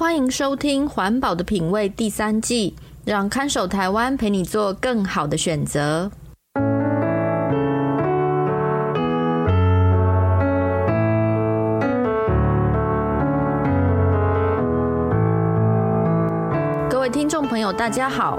歡迎收聽《環保的品味》第三季，讓看守台灣陪你做更好的選擇。各位聽眾朋友，大家好。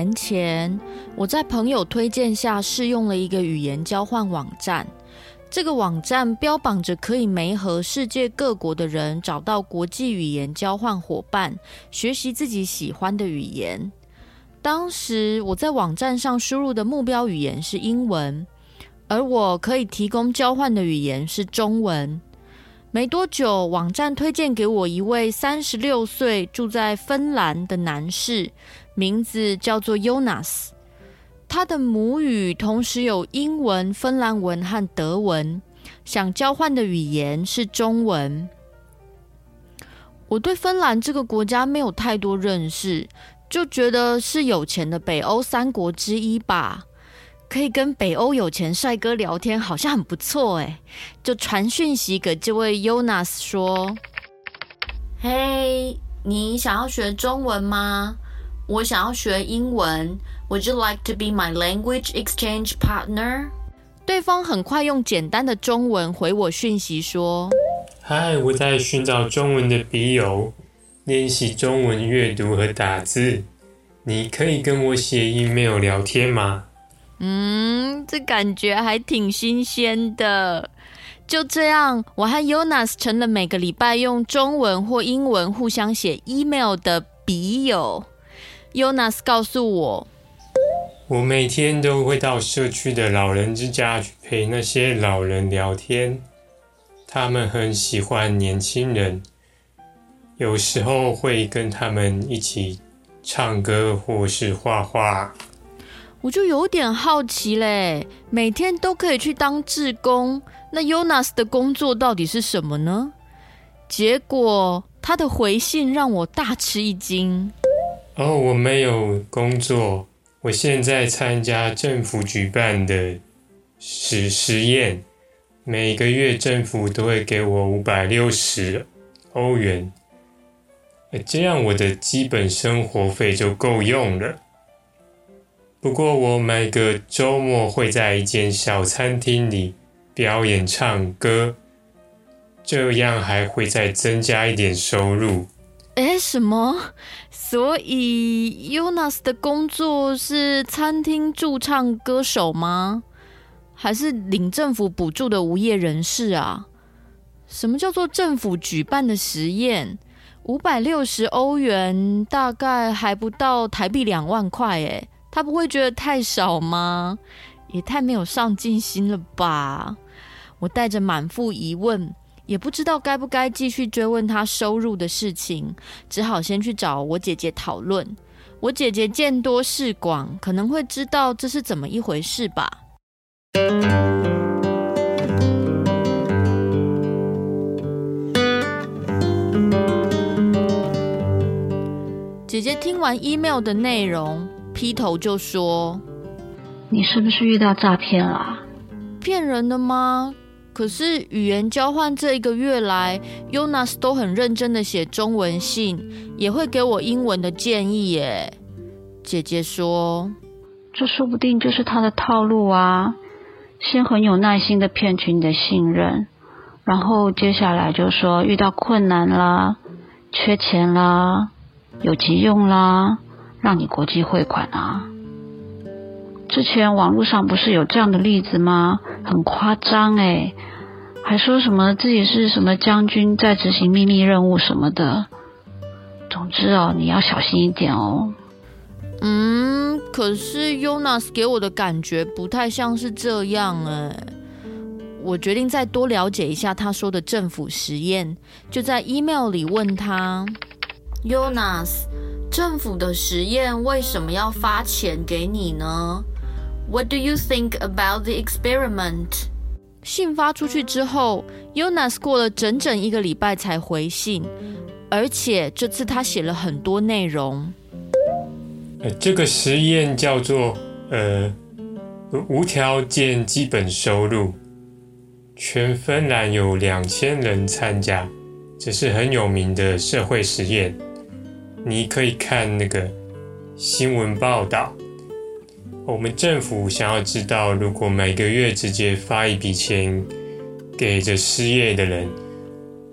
年前，我在朋友推薦下試用了一個語言交換網站。這個網站標榜着可以媒合世界各國的人，找到國際語言交換夥伴，學習自己喜歡的語言。當時我在網站上輸入的目標語言是英文，而我可以提供交換的語言是中文。沒多久，網站推薦給我一位三十六歲住在芬蘭的男士。名字叫做 Jonas，他的母語同時有英文、芬蘭文和德文。想交換的語言是中文。我對芬蘭這個國家沒有太多認識，就覺得是有錢的北歐三國之一吧。可以跟北歐有錢帥哥聊天，好像很不錯欸。就傳訊息給這位 Jonas 說：“嘿，你想要學中文嗎？”我想要學英文。Would you like to be my language exchange partner？對方很快用簡單的中文回我訊息說：“Hi，我在尋找中文的筆友，練習中文閱讀和打字。你可以跟我寫 email 聊天嗎？”嗯，這感覺還挺新鮮的。就這樣，我和 Jonas 成了每個禮拜用中文或英文互相寫 email 的筆友。尤納斯告訴我，我每天都會到社區的老人之家去陪那些老人聊天。他們很喜歡年輕人，有時候會跟他們一起唱歌或是畫畫。我就有點好奇嘞，每天都可以去當志工，那尤納斯的工作到底是什麼呢？結果他的回信讓我大吃一驚。哦，oh，我沒有工作。我現在參加政府舉辦的實實驗，每個月政府都會給我五百六十歐元，這樣我的基本生活費就夠用了。不過我每個週末會在一間小餐廳裡表演唱歌，這樣還會再增加一點收入。哎，什麼？所以尤納斯的工作是餐廳駐唱歌手嗎？還是領政府補助的無業人士啊？什麼叫做政府舉辦的實驗？五百六十歐元大概還不到台幣兩萬塊，哎，他不會覺得太少嗎？也太沒有上進心了吧！我帶着滿腹疑問。也不知道該不該繼續追問他收入的事情，只好先去找我姐姐討論。我姐姐見多識廣，可能會知道這是怎麼一回事吧？姐姐聽完 email 的內容，劈頭就說：“你是不是遇到詐騙了？騙人的嗎？”可是語言交換這一個月來，Yonas 都很認真的寫中文信，也會給我英文的建議耶。姐姐說，這說不定就是他的套路啊，先很有耐心的騙取你的信任，然後接下來就說遇到困難啦，缺錢啦，有急用啦，讓你國際匯款啊。之前網路上不是有這樣的例子嗎？很誇張欸，還說什麼自己是什麼將軍，在執行秘密任務什麼的。總之哦，你要小心一點哦。嗯，可是 Yonas 給我的感覺不太像是這樣欸。我決定再多了解一下他說的政府實驗，就在 email 裡問他：Yonas，政府的實驗為什麼要發錢給你呢？What do you think about the experiment? 信發出去之後，Yonas 過了整整一個禮拜才回信，而且這次他寫了很多內容。呃，這個實驗叫做呃無條件基本收入，全芬蘭有兩千人參加，這是很有名的社會實驗。你可以看那個新聞報道。我們政府想要知道，如果每個月直接發一筆錢給這失業的人，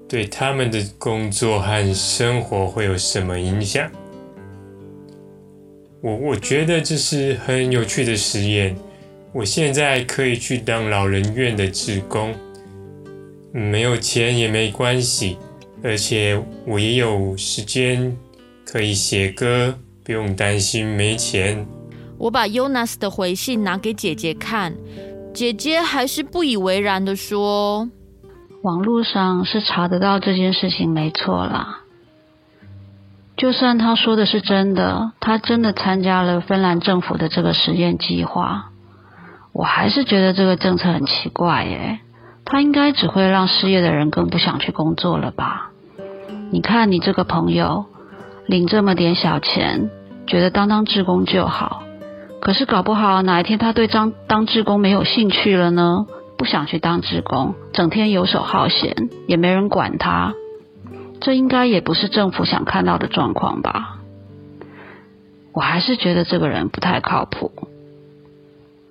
對他們的工作和生活會有什麼影響？我我覺得這是很有趣的實驗。我現在可以去當老人院的志工，嗯，沒有錢也沒關係，而且我也有時間可以寫歌，不用擔心沒錢。我把 Yonas 的回信拿給姐姐看，姐姐還是不以為然的說：“網絡上是查得到這件事情沒錯啦。就算他說的是真的，他真的參加了芬蘭政府的這個實驗計劃，我還是覺得這個政策很奇怪耶。他應該只會讓失業的人更不想去工作了吧？你看你這個朋友，領這麼點小錢，覺得當當志工就好。”可是搞不好哪一天他對張當當志工沒有興趣了呢？不想去當志工，整天游手好閒，也沒人管他。這應該也不是政府想看到的狀況吧？我還是覺得這個人不太靠譜，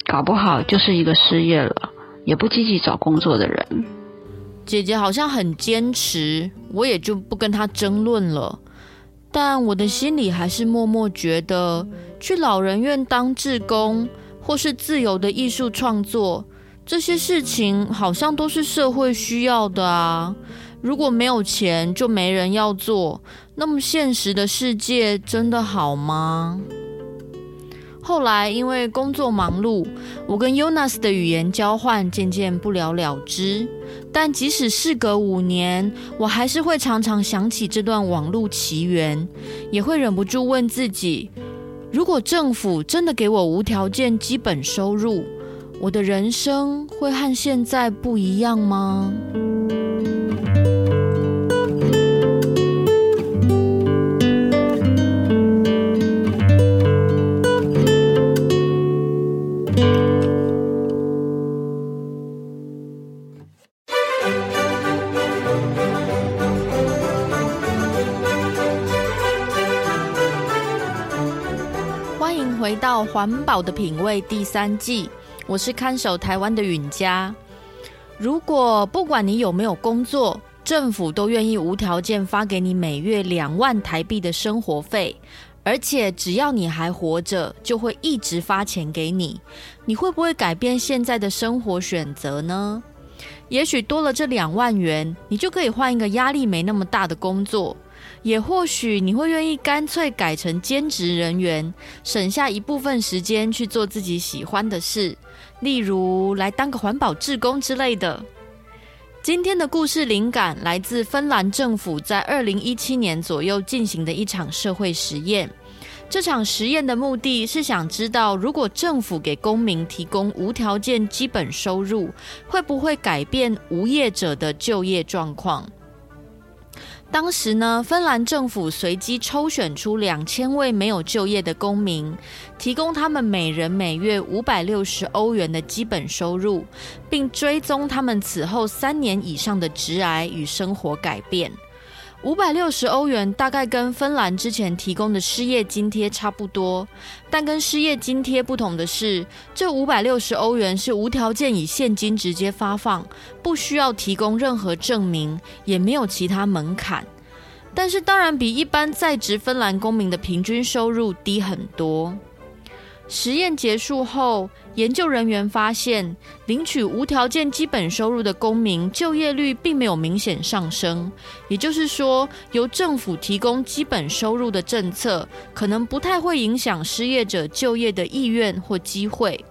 搞不好就是一個失業了也不積極找工作的人。姐姐好像很堅持，我也就不跟她爭論了。但我的心裡還是默默覺得。去老人院當志工，或是自由的藝術創作，這些事情好像都是社會需要的啊。如果沒有錢，就沒人要做。那麼現實的世界真的好嗎？後來因為工作忙碌，我跟 Yonas 的語言交換漸漸不了了之。但即使事隔五年，我還是會常常想起這段網路奇緣，也會忍不住問自己。如果政府真的給我無條件基本收入，我的人生會和現在不一樣嗎？回到環保的品味第三季，我是看守台灣的允嘉。如果不管你有沒有工作，政府都願意無條件發給你每月兩萬台幣的生活費，而且只要你還活着，就會一直發錢給你，你會不會改變現在的生活選擇呢？也許多了這兩萬元，你就可以換一個壓力沒那麼大的工作。也或許你會願意乾脆改成兼職人員，省下一部分時間去做自己喜歡的事，例如來當個環保志工之類的。今天的故事靈感來自芬蘭政府在二零一七年左右進行的一場社會實驗。這場實驗的目的是想知道，如果政府給公民提供無條件基本收入，會不會改變無業者的就業狀況？當時呢，芬蘭政府隨機抽選出兩千位沒有就業的公民，提供他們每人每月五百六十歐元的基本收入，並追蹤他們此後三年以上的職業與生活改變。五百六十歐元大概跟芬蘭之前提供的失業津貼差不多，但跟失業津貼不同的是，這五百六十歐元是無條件以現金直接發放，不需要提供任何證明，也沒有其他門檻。但是，當然比一般在職芬蘭公民的平均收入低很多。實驗結束後，研究人員發現，領取無條件基本收入的公民就業率並沒有明顯上升，也就是說，由政府提供基本收入的政策，可能不太會影響失業者就業的意願或機會。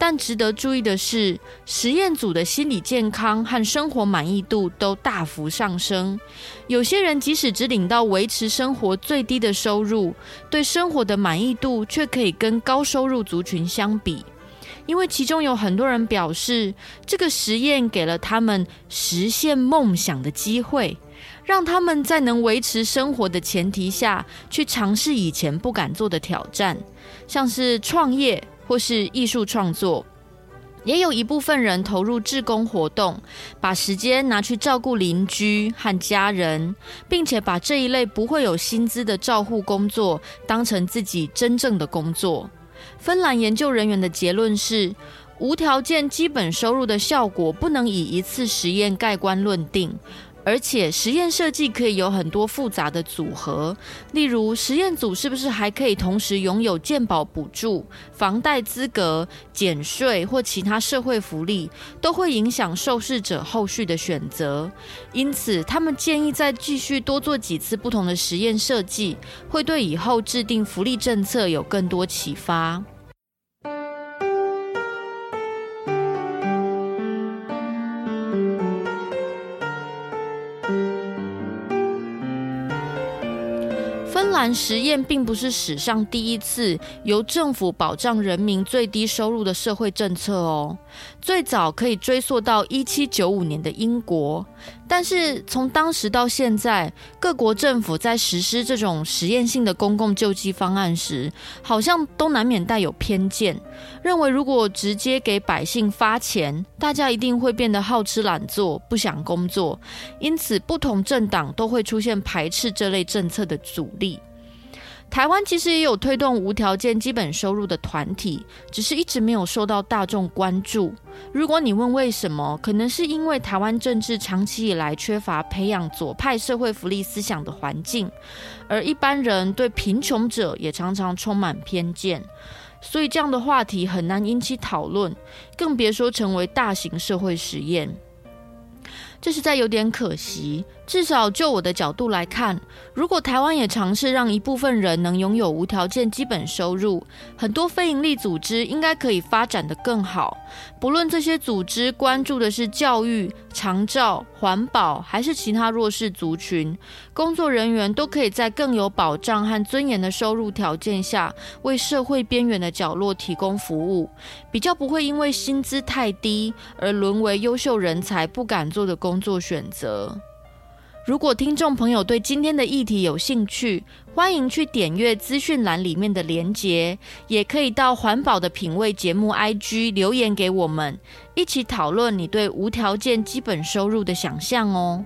但值得注意的是，實驗組的心理健康和生活滿意度都大幅上升。有些人即使只領到維持生活最低的收入，對生活的滿意度卻可以跟高收入族群相比。因為其中有很多人表示，這個實驗給了他們實現夢想的機會，讓他們在能維持生活的前提下去嘗試以前不敢做的挑戰，像是創業。或是藝術創作，也有一部分人投入志工活動，把時間拿去照顧鄰居和家人，並且把這一類不會有薪資的照護工作當成自己真正的工作。芬蘭研究人員的結論是，無條件基本收入的效果不能以一次實驗蓋棺論定。而且實驗設計可以有很多複雜的組合，例如實驗組是不是還可以同時擁有健保補助、房貸資格、減稅或其他社會福利，都會影響受試者後續的選擇。因此，他們建議再繼續多做幾次不同的實驗設計，會對以後制定福利政策有更多啟發。芬蘭實驗並不是史上第一次由政府保障人民最低收入的社會政策哦。最早可以追溯到一七九五年的英國，但是從當時到現在，各國政府在實施這種實驗性的公共救濟方案時，好像都難免帶有偏見，認為如果直接給百姓發錢，大家一定會變得好吃懶做，不想工作，因此不同政黨都會出現排斥這類政策的阻力。台灣其實也有推動無條件基本收入的團體，只是一直沒有受到大眾關注。如果你問為什麼，可能是因為台灣政治長期以來缺乏培養左派社會福利思想的環境，而一般人對貧窮者也常常充滿偏見，所以這樣的話題很難引起討論，更別說成為大型社會實驗。這實在有點可惜。至少就我的角度來看，如果台灣也嘗試讓一部分人能擁有無條件基本收入，很多非營利組織應該可以發展得更好。不論這些組織關注的是教育、長照、環保，還是其他弱勢族群，工作人員都可以在更有保障和尊嚴的收入條件下，為社會邊緣的角落提供服務，比較不會因為薪資太低而淪為優秀人才不敢做的工作選擇。如果聽眾朋友對今天的議題有興趣，歡迎去點閱資訊欄裡面的連結，也可以到環保的品味節目 IG 留言給我們，一起討論你對無條件基本收入的想像哦。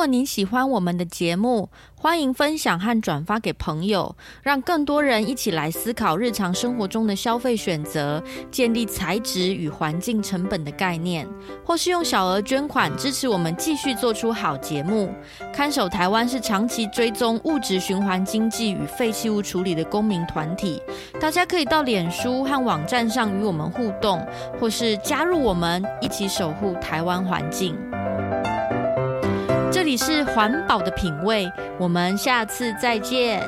如果您喜歡我們的節目，歡迎分享和轉發給朋友，讓更多人一起來思考日常生活中的消費選擇，建立材質與環境成本的概念，或是用小額捐款支持我們繼續做出好節目。看守台灣是長期追蹤物質循環經濟與廢棄物處理的公民團體，大家可以到臉書和網站上與我們互動，或是加入我們一起守護台灣環境。是環保的品味，我們下次再見。